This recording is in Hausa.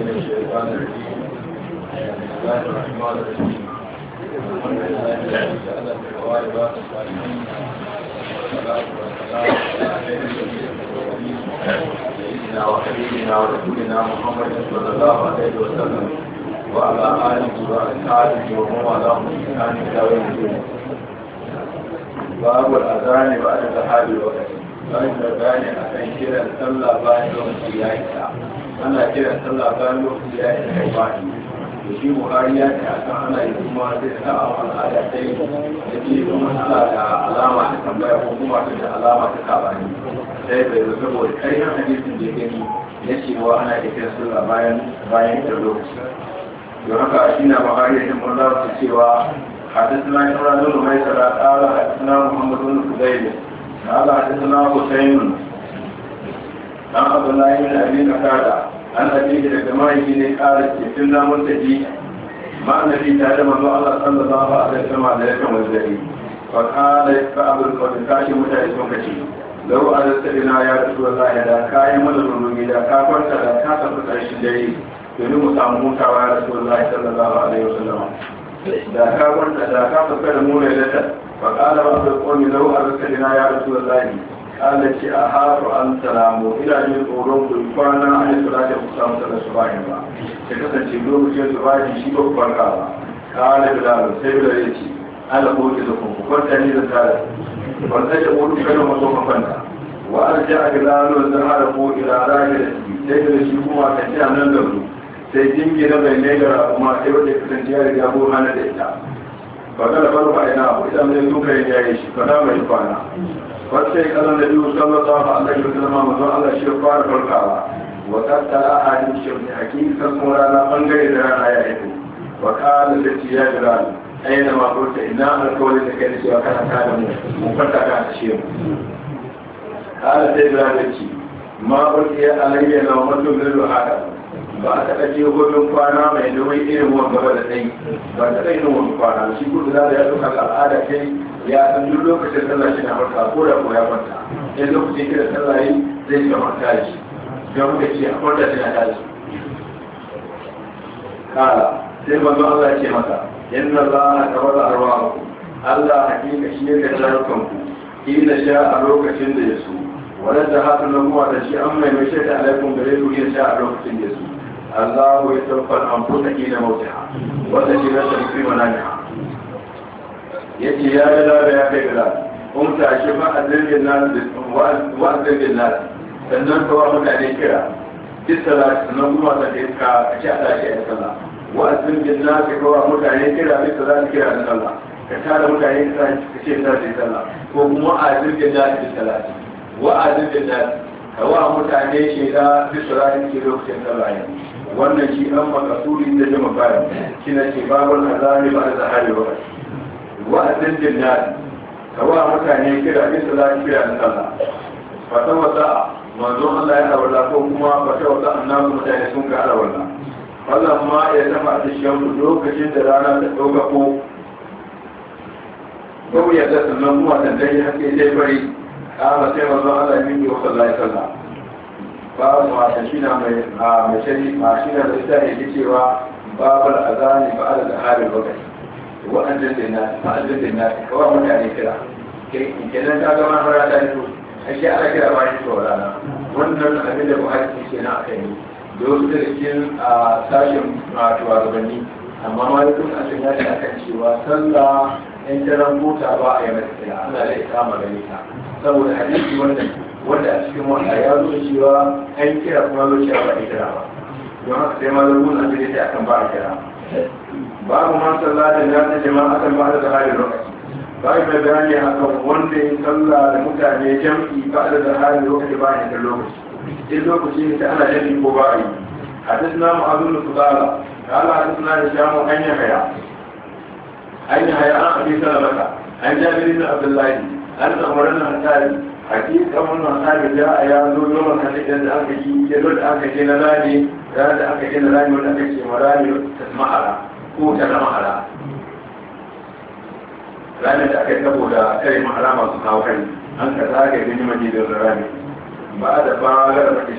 من الشيطان الرجيم بسم الله الرحمن الرحيم الحمد لله الذي جعل في الغائب الصالحين والصلاة والسلام على خير المرسلين سيدنا وحبيبنا ورسولنا محمد صلى الله عليه وسلم وعلى آله وأصحابه ومن والاه بإحسان إلى يوم الدين باب الأذان بعد ذهاب الوقت باب الأذان أتيت إلى الصلاة بعد وقت إياك ana kiran sallah ta lokaci ya yi kai bani da shi bukari ya ce akan ana yi kuma sai ta a wani ala ta yi da ke kuma sallah da alama ta tambaya ko kuma ta da alama ta kabani sai bai zo saboda karyar hadisin da ya gani na cewa ana iya kiran sallah bayan bayan da lokaci don haka shi na bukari ya himmar za su cewa حدثنا إبراهيم بن ميسرة قال حدثنا محمد بن فضيل قال حدثنا abu na yi الله بن أبي قتادة an tafi da daga mahaifi ne ƙara ke tun namun da ji ma'anafi tare da manzo Allah sallallahu alaihi wasallam da ya kan wazzari fa qala fa abul qasim kashi mutane sun kace lau a da sabina ya rasu Allah ya da ka yi mana rurumi da ka kwanta da ka tafi ƙarshen dare domin mu samu mutawa ya rasu Allah a alaihi wasallam da ka kwanta da ka tafi da mu ne da ta fa qala abul qasim lau a da sabina ya rasu Allah Allah ce a haru an salamu ina jin tsoron ku kwana a yi ta kusa samu salar su bayan ba ta kasance lokacin su bayan shi ba ku farka ba kala bilal sai bilal ya ce Allah ko ke zakon ku kwanta ne da tare wanda ya ko ki kana maso ka kwanta wa arja bilal wa zahara ko ila rahil sai da shi kuma ka ci nan da ku sai jingina bai ne da kuma sai wata ya kasance ya riga ko hana da ita ba da farko ina ko idan ne duka ya yi shi fa da mai kwana farce kalan da biyu allah ya wasallam manzo Allah shi fara farkawa wa ne ahadin shirni hakikan na bangare da rana ya yi wa qala lati ya jiran aina ma kurta ina alkawari da kai cewa kana ta da mu mun farka ka ta shi mu qala sai jiran ce ma kurta ya alayya lawmatu lil adam ba a taɓa je gurbin kwana mai nauyi irin wanda ba da tsayi ba ta taɓa irin wanda kwana shi kudu da ya ɗauka al'ada kai ya san duk lokacin sallah shi na farka ko da ko ya farka in lokacin kira sallah yi zai ce farka da shi don muka ce a farka shi na tashi kala sai manzo Allah ya ce masa inna Allah ta wala arwahu Allah hakika shi ne da ku ila sha a lokacin da ya so wadanda hakan nan kuma da shi an mai mai shaida alaikum gare ku ya sha a lokacin da ya so الله يتوفى الأنفس حين موتها والتي لا في منامها يجي يا بلال يا بلال قمت أشفى أذل الناس وأذل الناس sannan kawo mutane kira duk salati sannan kuma ta ke ka a ci a tashi a sallah wa azin bin na ka kawo mutane kira duk salati kira da sallah ka tara mutane ka ce ta ce sallah ko kuma azin bin na ka salati wa azin wa mutane ce da bisirarin ke lokacin tsarayen wannan shi an suri da jama bayan shi na ce babon azali ba da zahari ba wa'azin jinnari ka wa mutane kira bisirarin kira na sallah fata wata manzo Allah ya rawala ko kuma fata wata annabi mutane sun ga rawala Allah ma ya tafa da shan lokacin da rana ta ɗauka ko ba mu yadda sannan kuma dan dai haske zai bari kala sai mazan shi na mai da cewa babar a zane ba a da harin lokaci waɗannan da na ba a zai na kawar mutane kira kai kenan ta zama hara ta yi a shi ana kira bayan su rana wannan abin da buhari ke na akai dole da cikin sashen ma tuwa gabanin amma ma malikun asir ya ce akan cewa sallah in ta rambuta ba a yi masa mata ana da ikama gare ta saboda hadisi wannan wanda a cikin wanda ya zo cewa an kira kuma zuciya ba a kira ba don haka sai ma malikun asir ya a kan ba a kira babu ma sallah da na ta jama'a kan ba da halin lokaci babu mai bayani akan wanda ya sallah da mutane jam'i ba da halin lokaci ba ne da lokaci in lokaci ne ta ana jam'i ko ba a yi حدثنا معاذ بن فضالة قال حدثنا هشام عن يحيى عن يحيى عن ابي سلمه عن جابر بن عبد الله ان امرنا الحسابي حقيقة من الحسابي جاء يا ذو يوم الحديث ان اخي يرد اخي الى راني رد اخي الى راني ولا اخي مراني تسمع على هو تسمع على ranar da aka yi saboda kare mahara masu kawo kai an ka zagaye gani majalisar rami ba da ba ga da